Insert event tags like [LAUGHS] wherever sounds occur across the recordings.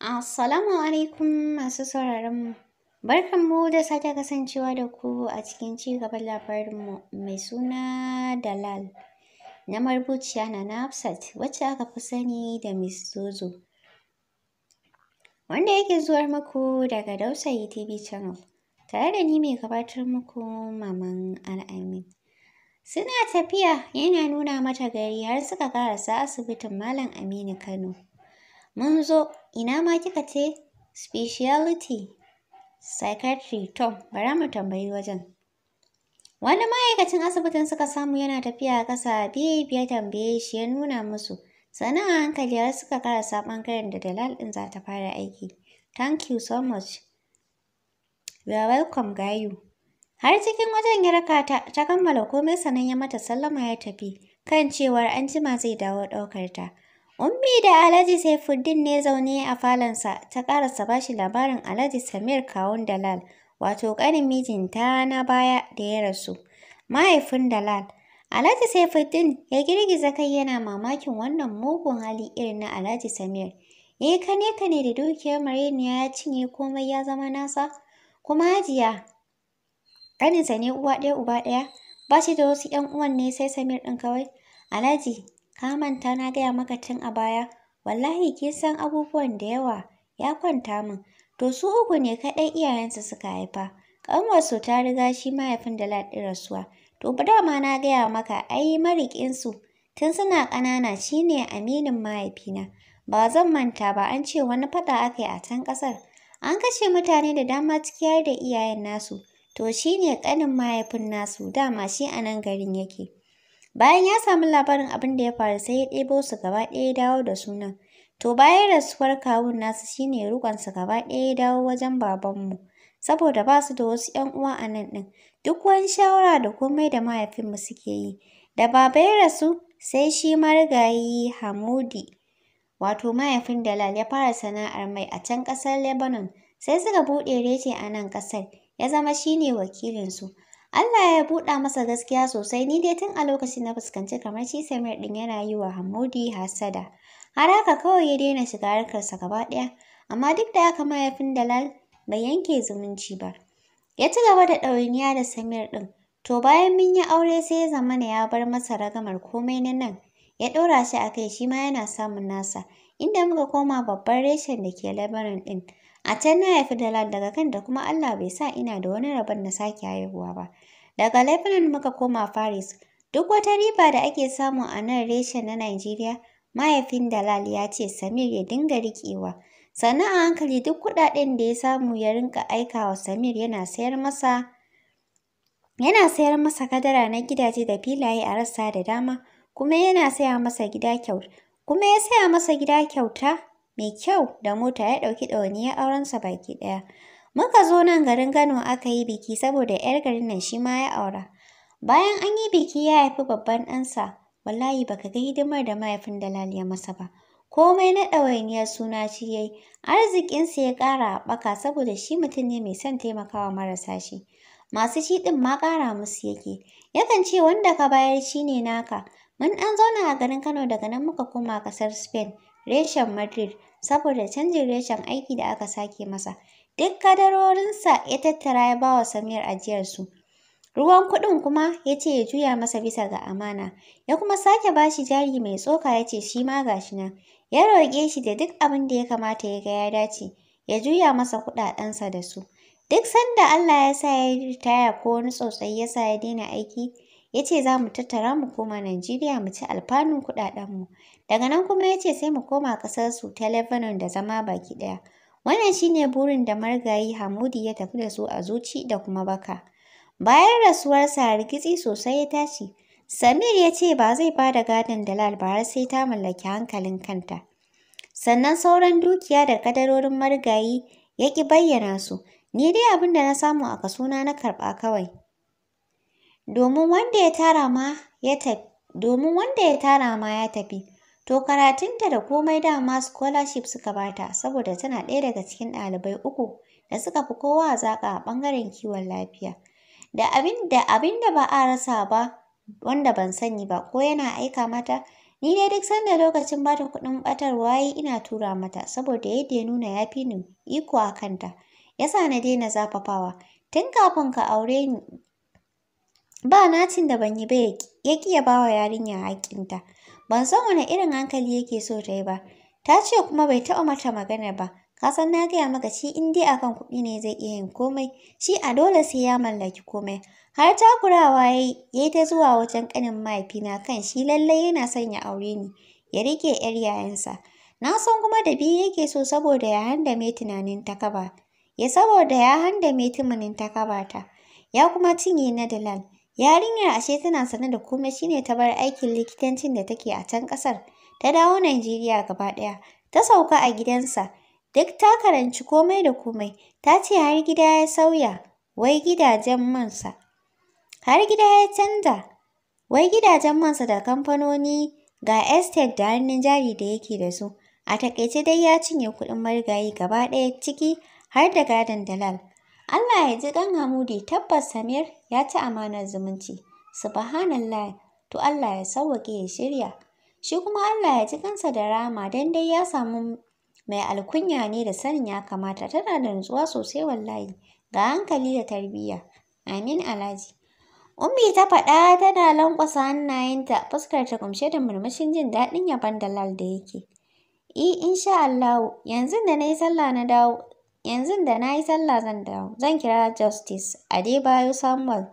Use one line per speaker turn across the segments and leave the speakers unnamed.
Assalamu alaikum masu sauraronmu. Barkanmu da sake kasancewa da ku a cikin ci gaban labarinmu mai suna Dalal na marubuciya na Nafsat wacce aka fi sani da Miss Zozo. Wanda yake zuwar muku daga Dausayi TV Channel tare da ni mai gabatar muku Maman Al'amin. Suna tafiya yana nuna mata gari har suka karasa asibitin Malam Aminu Kano. Mun zo, ina ma kika ce? Speciality. Psychiatry Tom, bara mu tambayi wajen. Wani ma'aikacin asibitin suka samu yana tafiya a ƙasa biyu tambaye shi ya nuna musu. Sannan a hankali har suka karasa ɓangaren da Dalal ɗin za ta fara aiki. Thank you so much. You are welcome, Gayu. Har cikin wajen ya raka ta, ta kammala komai sannan ya mata sallama ya tafi, kan cewar an jima zai dawo ɗaukar ta. Ummi da Alhaji Saifuddin ne zaune a falonsa ta karasa bashi labarin Alhaji Samir kawun Dalal, wato ƙanin mijinta na baya da ya rasu. Mahaifin Dalal. Alhaji Saifuddin ya girgiza kai yana mamakin wannan mugun hali irin na Alhaji Samir. Ya yi kane kane da dukiyar Mariniya ya cinye komai ya zama nasa, kuma hajiya. Ƙaninsa ne uwa ɗaya uba ɗaya, ba shi da wasu ‘yan uwan ne sai Samir ɗin kawai. Alhaji Ka manta na gaya maka tun a baya, wallahi kin san abubuwan da yawa, ya kwanta min. To su uku ne kaɗai iyayensa suka haifa. Ƙanwarsu ta riga shi mahaifin da laɗin rasuwa. To dama na gaya maka ai mariƙinsu tun suna ƙanana shine aminin mahaifina. Ba zan manta ba an ce wani faɗa aka yi a can ƙasar. An kashe mutane da dama ciki har da iyayen nasu. To shi ne ƙanin mahaifin nasu dama shi a nan garin yake. Bayan ya samu labarin abin da ya faru sai ya ɗebo su gaba ɗaya ya dawo da sunan. To bayan rasuwar kawun nasu shine rukonsa gaba ɗaya ya dawo wajen babanmu. Saboda ba su da wasu ‘yan uwa a nan ɗin. Duk wani shawara da komai da mahaifinmu suke yi. Da baba ya rasu sai shi marigayi Hamudi. Wato mahaifin Dalal ya fara sana'ar mai a can ƙasar Lebanon. Sai suka buɗe reshe a nan ƙasar. Ya zama shine wakilinsu. Allah ya buɗa masa gaskiya sosai ni dai tun a lokacin na fuskanci kamar shi Samir ɗin yana yi wa Hamudi hasada. Har haka kawai ya daina shiga harkarsa gaba ɗaya, amma duk da haka mahaifin Dalal bai yanke zumunci ba. Ya ci gaba da ɗawainiya da Samir ɗin. To bayan mun yi aure sai ya zamana ya bar masa ragamar komai na nan, ya ɗora shi a kai shi ma yana samun nasa, inda muka koma babban reshen da ke Lebanon ɗin. A can na haifi Dalal daga kan da kuma Allah bai sa ina da wani rabon na sake haihuwa ba. Daga Lebanon muka koma Paris. Duk wata riba da ake samu a nan reshen na Najeriya, mahaifin Dalal ya ce Samir ya dinga riƙewa. Sannan a hankali duk kuɗaɗen da ya samu ya rinka wa Samir yana sayar masa yana sayar masa kadara na gidaje da filaye a rassa da dama, kuma yana saya masa gida kyauta. Kuma ya saya masa gida kyauta mai kyau da mota ya ɗauki ɗawainiyar aurensa baki ɗaya. Muka zo nan garin Kano aka yi biki saboda 'yar garin nan shi ma ya aura. Bayan an yi biki ya haifi babban ɗansa, wallahi baka ga hidimar da mahaifin dalali ya masa ba. Komai na ɗawainiyar suna ya yayi, arzikinsa ya ƙara haɓaka saboda shi mutum ne mai son taimakawa marasa shi. Masu shi ɗin ma ƙara musu yake. Yakan ce wanda ka bayar shi ne naka. Mun ɗan zauna a garin Kano daga nan muka koma ƙasar Spain, reshen Madrid, saboda canjin reshen aiki da aka sake masa. Duk kadarorinsa ya tattara ya bawa wa Samir ajiyarsu. Ruwan kuɗin kuma ya ce ya juya masa bisa ga amana, ya kuma sake ba shi jari mai tsoka ya ce shi ma ga shi nan. Ya roƙe shi da duk abin da ya kamata ya ga ya dace, ya juya masa kuɗaɗensa da su. Duk sanda Allah ya sa ya yi ritaya ko wani tsotsai ya sa ya daina aiki, ya ce za mu tattara mu koma Najeriya mu ci alfanun kuɗaɗenmu. Daga nan kuma ya ce sai mu koma ƙasarsu ta Lebanon da zama baki ɗaya. Wannan shi ne burin da marigayi Hamudi ya tafi da su a zuci da kuma baka. Bayan rasuwarsa rikici sosai ya tashi, Samir ya ce ba zai ba da gadon Dalal ba har sai ta mallaki hankalin kanta. Sannan sauran dukiya da kadarorin marigayi ya ƙi bayyana su, ni dai abin da na samu a kasona na karɓa kawai. Domin wanda ya tara ma ya tafi. To karatunta da komai dama scholarship suka bata saboda tana ɗaya daga cikin ɗalibai uku da suka fi kowa zaƙa a ɓangaren kiwon lafiya. Da abin da abin da ba a rasa ba wanda ban sani ba ko yana aika mata ni dai duk sanda lokacin bata kuɗin ɓatar wayi ina tura mata saboda yadda ya nuna ya fi ni iko a kanta. Yasa na daina zafafawa tun kafin ka aure ni ba nacin da ban yi ba ya ƙi ya wa yarinya haƙƙinta. Ban san wani irin hankali yake so ta yi ba. Ta ce kuma bai taɓa mata magana ba. Ka san na gaya maka shi in dai akan kuɗi ne zai iya yin komai. Shi a dole sai ya mallaki komai. Har takurawa ya yi, ya yi ta zuwa wajen ƙanin mahaifina kan shi lallai yana son ya aure ni. Ya riƙe 'yar yayansa. Na san kuma da biyu yake so saboda ya handame tunanin takaba. Ya saboda ya handame tumanin takaba ta. Ya kuma cinye na Dalal. Yarinyar ashe tana sane da komai shine ta bar aikin likitancin da take a can kasar ta dawo Najeriya gaba daya. ta sauka a gidansa. Duk ta karanci komai da komai, ta ce har gida ya sauya, wai gidajen mansa. Har gida ya canza, wai gidajen mansa da kamfanoni ga estate da hannun jari da yake da su. A takaice dai ya cinye kuɗin marigayi gaba ɗaya ciki har da gadon dalal. Allah ya ji ɗan Hamudi tabbas Samir ya ci amanar zumunci. Subhanallah, to Allah ya sauwaƙe ya shirya. Shi kuma Allah ya ji kansa da rama don dai ya samu mai alkunya ne da sanin ya kamata tana da nutsuwa sosai wallahi ga hankali da tarbiyya. Amin Alhaji. Ummi ta faɗa tana lankwasa hannayenta fuskar ta kumshe da murmushin jin daɗin yaban lal da yake. I insha Allah yanzu da na yi sallah na dawo yanzu da na yi sallah zan dawo zan kira justice adebayo samuel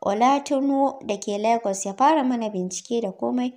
olatunwo da ke lagos ya fara mana bincike da komai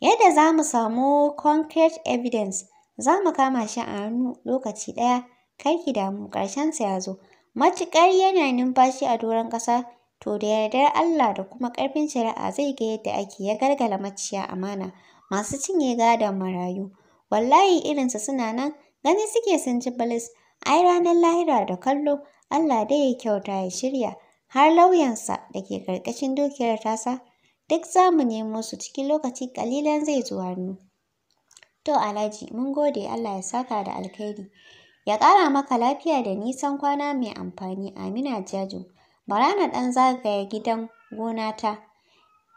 yadda za mu samu concrete evidence za mu kama shi a hannu lokaci ɗaya kar ki damu ƙarshensa ya zo matuƙar yana numfashi a doron ƙasa to da yardar allah da kuma karfin shari'a zai ga yadda ake ya gargala maciya amana masu cinye gadon marayu wallahi irinsu suna nan gani suke sun ci balis ai ranar lahira da kallo Allah dai ya kyauta ya shirya har lauyansa da ke ƙarƙashin dukiyar tasa duk za mu nemo su cikin lokaci ƙalilan zai zuwa hannu. To Alhaji mun gode Allah ya saka da alkhairi ya ƙara maka lafiya da nisan kwana mai amfani Amina Jajo bara na ɗan zagaya gidan gonata.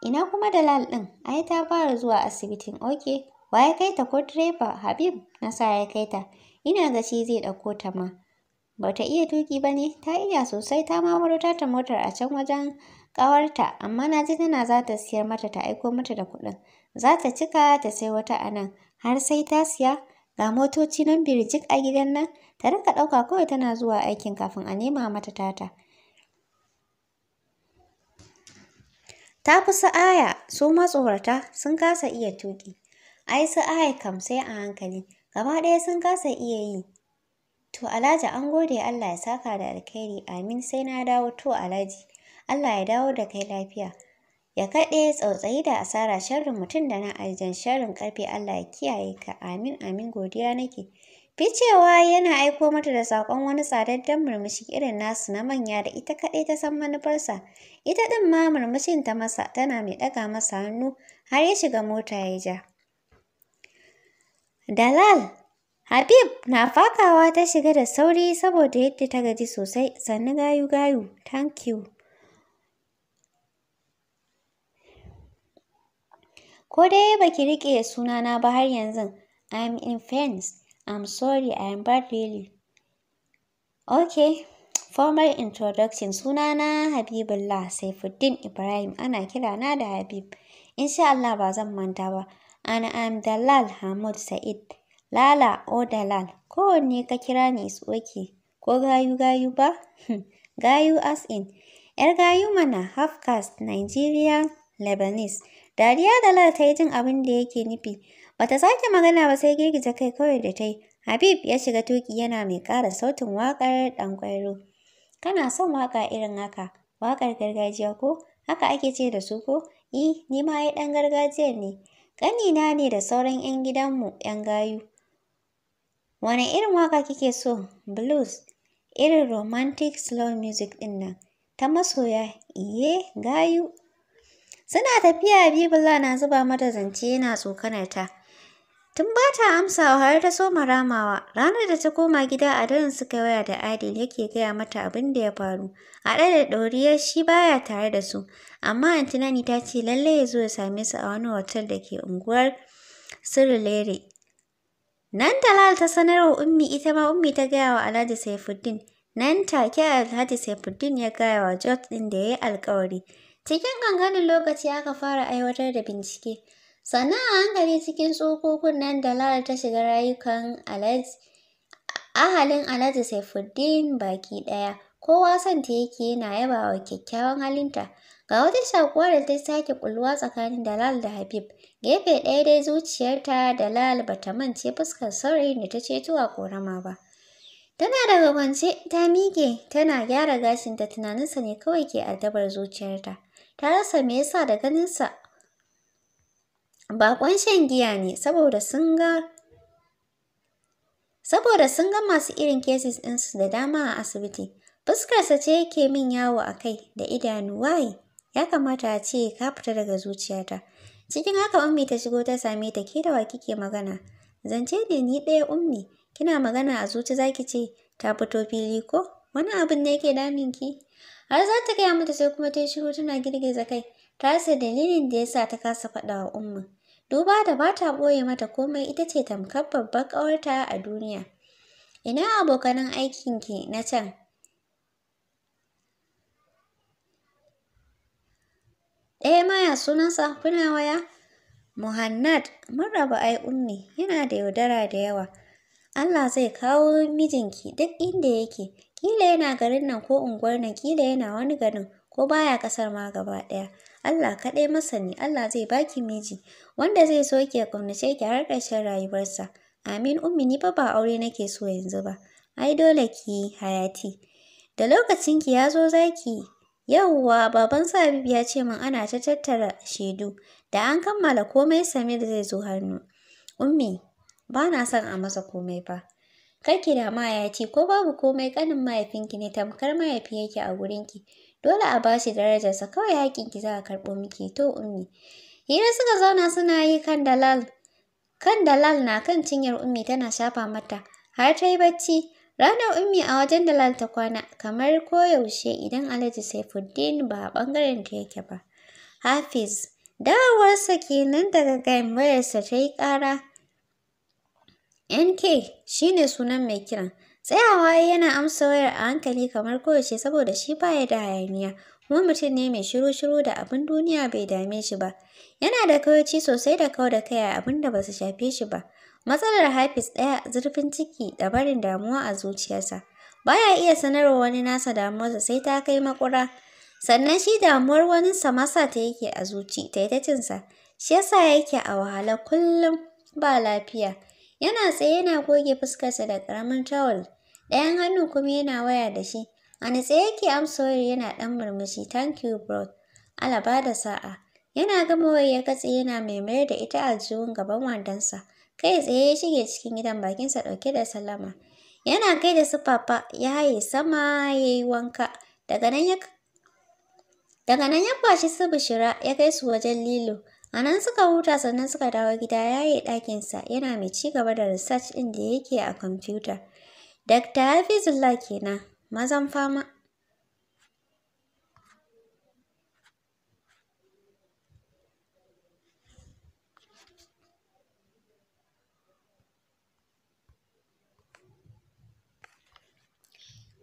Ina kuma Dalal ɗin? Ai ta fara zuwa asibitin oke. Wa ya kai ta ko direba Habib na sa ya kai ta. ina ga shi zai ɗauko ta ma. Ba ta iya tuki ba ne, ta iya sosai ta mamaro ta ta motar a can wajen ƙawarta, amma na ji tana za ta siyar mata ta aiko mata da kuɗin. Za ta cika ta sai wata a nan, har sai ta siya, ga motoci nan birjik a gidan nan, ta rinka ɗauka kawai tana zuwa aikin kafin a nema mata tata. Ta fi sa'aya, su matsorata sun kasa iya tuƙi. Ai sa'aya kam sai a hankali. gaba ɗaya sun kasa iya yi. To Alhaji an gode Allah ya saka da alkhairi amin sai na dawo to Alhaji Allah ya dawo da kai lafiya. Ya kaɗe tsautsayi da asara sharrin mutum da na aljan sharrin ƙarfe Allah ya kiyaye ka amin amin godiya nake. Ficewa yana aiko mata da saƙon wani tsadaddan murmushi irin nasu na manya da ita kaɗai ta san manufarsa. Ita ɗin ma murmushin ta masa tana mai ɗaga masa hannu har ya shiga mota ya ja. Dalal! Habib na fakawa ta shiga da sauri saboda yadda ta gaji sosai sannu gayu-gayu, thank you. Ko dai ba ki riƙe sunana ba har yanzu, I'm in fence, I'm sorry, I'm bad really. Okay, formal introduction sunana Habibullah Saifuddin Ibrahim ana kirana da Habib. Insha Allah ba zan manta ba. Ana am Dalal Hamud Sa'id. Lala o Dalal, kowanne ka kira ni is Ko gayu-gayu ba? [LAUGHS] gayu as in. ‘Yar gayu mana half caste Nigerian Lebanese. Dariya Dalal ta yi jin abin da yake nufi. Bata sake magana ba sai girgiza kai kawai da ta yi. Habib ya shiga tuki yana mai ƙara sautin waƙar ɗan ƙwairo. Kana son waƙa irin haka, waƙar gargajiya ko? Haka ake ce da su ko? E, ni ma ai ɗan gargajiyar ne. Ƙanina ne da sauran 'yan gidanmu 'yan gayu. Wane irin waka kike so? Blues, irin romantic slow music ɗin nan. Ta masoya, iye, gayu. Suna tafiya Bibla na zuba mata zance yana tsokanar ta. Tun ba ta amsawa har ta soma ramawa, ranar da ta koma gida a daren suka waya da Adil yake gaya mata abin da ya faru, haɗe da ɗoriyar shi baya tare da su, amma Antinani ta ce lallai ya zo ya same su a wani hotel da ke unguwar Sirilere. Nan Talal ta wa Ummi ita ma Ummi ta gaya wa Alhaji Saifuddin, nan take Alhaji Saifuddin ya gaya wa George ɗin da ya yi alkawari. Cikin ƙanƙanin lokaci aka fara aiwatar da bincike. Sannan a hankali cikin tsokokun nan da Lara ta shiga rayukan ahalin Alhaji Saifuddin baki ɗaya. Kowa son ta yake yana yaba wa kyakkyawan halinta. Ga wata shakuwa da ta sake kulluwa tsakanin Dalal da Habib. Gefe ɗaya dai zuciyarta Dalal ba ta mance fuskar saurayin da ta ceto a ƙorama ba. Tana daga kwance ta mike tana gyara gashinta tunaninsa ne kawai ke addabar zuciyarta. Ta rasa me yasa da ganinsa Baƙon shan giya ne saboda sun ga saboda sun ga masu irin cases su da dama a asibiti. Fuskarsa ce yake min yawo a kai da idanu waye, ya kamata a ce ka fita daga zuciyata. Cikin haka ummi ta shigo ta same ta ke da wa kike magana. Zance ne ni daya ummi, kina magana a zuci za ce ta fito fili ko? Wani abin da yake damin ki? Har za ta gaya mata sai kuma ta shigo tana girgiza kai, ta sa dalilin da ya sa ta kasa faɗa wa duba da ba ta ɓoye mata komai ita ce tamkar babbar ƙawarta a duniya. Ina abokanan aikinki na can? Ɗaya ma ya sunansa kuna waya? Muhannad marraba ai ummi yana da yaudara da yawa. Allah zai kawo mijinki duk inda yake. Kila yana garin nan ko unguwar nan kila yana wani garin ko baya ƙasar ma gaba ɗaya. Allah kaɗai masani, Allah zai baki miji, wanda zai so ke ya ƙaunace ki har ƙarshen rayuwarsa. Amin ummi ni fa ba aure nake so yanzu ba, ai dole ki hayati. Da lokacin ki ya zo zaki yi. Yauwa, baban sabibu ya ce min ana ta tattara shaidu, da an kammala komai Samir zai zo hannu. Ummi, ba na son a masa komai ba. Kar ki da ma ya ko babu komai ƙanin mahaifinki ne tamkar mahaifi yake a gurinki. dole a bashi darajarsa kawai haƙƙinki za a karɓo miki to ummi hira suka zauna suna yi kan dalal kan dalal na kan cinyar ummi tana shafa mata har ta yi bacci ranar ummi a wajen dalal ta kwana kamar koyaushe idan alhaji saifuddin ba a ɓangaren ta yake ba hafiz dawowarsa kenan daga gayan wayarsa ta yi ƙara nk shine sunan mai kiran Tsayawa yana amsa wayar a hankali kamar kowace saboda shi ba ya da hayaniya, kuma mutum ne mai shiru-shiru da abin duniya bai dame shi ba. Yana da kawaici sosai da kau da kai a abin da ba su shafe shi ba. Matsalar Hafiz ɗaya zurfin ciki da barin damuwa a zuciyarsa. Baya iya sanarwa wani nasa damuwarsa sai ta kai makura. Sannan shi damuwar wani samasa ta yake a zuci, ta yi ta cinsa. Shi yasa yake a wahala kullum ba lafiya. Yana tsaye yana goge fuskarsa da ƙaramin tawul. Ɗayan hannu kuma yana waya da shi. A natsa yake amsa wayar yana ɗan murmushi. Thank you bro. Alaba da sa'a. Yana gama waya ya katse yana mai mayar da ita aljihun gaban wandonsa. Kai tsaye ya shige cikin gidan bakinsa ɗauke da salama. Yana kai da sufafa papa ya haye sama ya yi wanka. Daga nan ya kwashi su Bishira ya kai su wajen Lilo. A nan suka huta sannan suka dawo gida ya yi ɗakinsa yana mai ci gaba da research ɗin da yake a kwamfuta. Dakta Hafizullah kenan, mazan fama.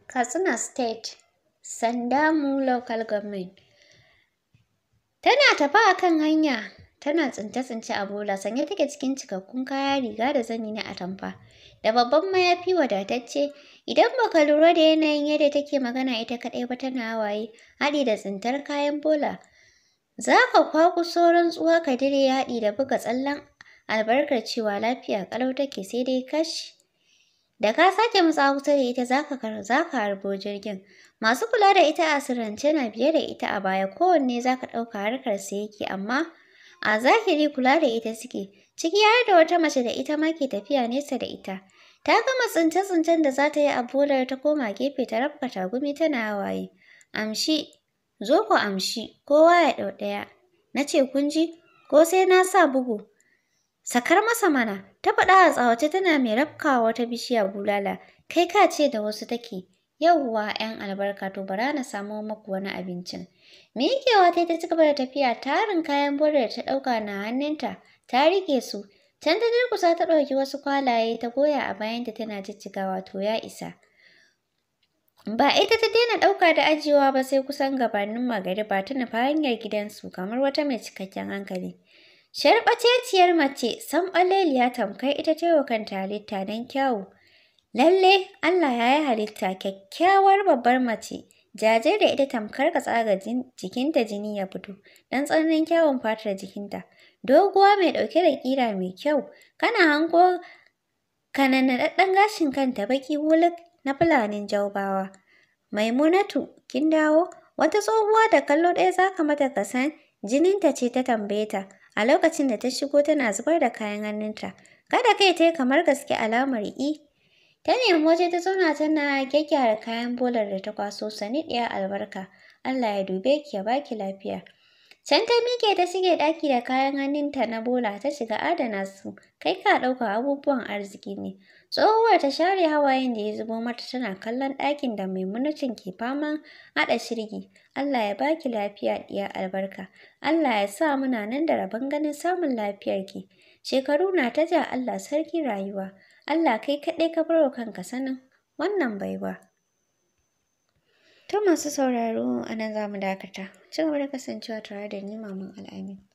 Katsina State, Sandamu Local Government. Tana tafa a kan hanya, tana tsince-tsince a bola sanye take cikin cikakkun kaya riga da zani na atamfa, da babban mayafi wadatacce. Idan baka lura da yanayin yadda take magana ita kaɗai ba tana hawaye, haɗi da tsintar kayan bola. Za ka kwaku sauran tsuwa ka dire haɗi da buga tsallen albarkar cewa lafiya ƙalau take sai dai kashi. Da ka sake mutsa kusa da ita za ka harbo jirgin, Masu kula da ita a sirrance na biye da ita a baya kowanne za ka ɗauka harkarsa yake amma a zahiri kula da ita suke ciki har da wata mace da ita ma ke tafiya nesa da ita. Ta gama tsince-tsincen da za ta yi a bolar ta koma gefe ta rafka tagumi tana waye. Amshi, zo ku amshi, kowa ya ɗau ɗaya. Na ce kun ji, ko sai na sa bugu. Sakar masa mana, ta faɗa a tsawace tana mai rafkawa wata bishiya bulala, kai ka ce da wasu take. yauwa 'yan albarka to bara na samo maku wani abincin yake ta ta cigaba da tafiya tarin kayan bore da ta ɗauka na hannunta ta rike su can ta durkusa ta ɗauki wasu kwalaye ta goya a bayan bayanta tana jijjigawa to ya isa ba ita ta daina ɗauka da ajiyewa ba sai kusan gabanin magari ba ta nufa hanyar gidansu kamar wata mai cikakken hankali Sharɓaceciyar mace, san ɓaleliya tamkar ita ce wa kanta halitta don kyawu, Lalle Allah ya yi halitta kyakkyawar babbar mace, jajir da ita tamkar ka tsaga jikinta jini ya fito, don tsananin kyawun fatar jikinta. Doguwa mai ɗauke da ƙira mai kyau, kana hanko? hango ɗaɗɗan gashin kanta baki wulik na fulanin jaubawa. Maimunatu, kin dawo? Wata tsohuwa da kallo ɗaya za ka mata kasan jininta ce ta tambaye ta a lokacin da ta shigo tana zubar da kayan hannunta. Kada kai ta yi kamar gaske alamar i Ta nemi waje ta zauna tana gyaggyara kayan bolar da ta kwaso sani ɗiya albarka. Allah ya dube ki ya baki lafiya. Can ta miƙe ta shige ɗaki da kayan hannunta na bola ta shiga adana su. Kai ka ɗauka abubuwan arziki ne. Tsohuwar ta share hawayen da ya zubo mata tana kallon ɗakin da maimunacin ke faman haɗa shirgi. Allah ya baki lafiya ɗiya albarka. Allah ya sa muna nan da rabon ganin samun lafiyar ki. Shekaru na ta ja Allah sarkin rayuwa. Allah kai kaɗai ka bar wa kanka sanin wannan baiwa. Ta masu sauraro a nan za mu dakata. Cin gaba da kasancewa tare da ni Maman Al'amin.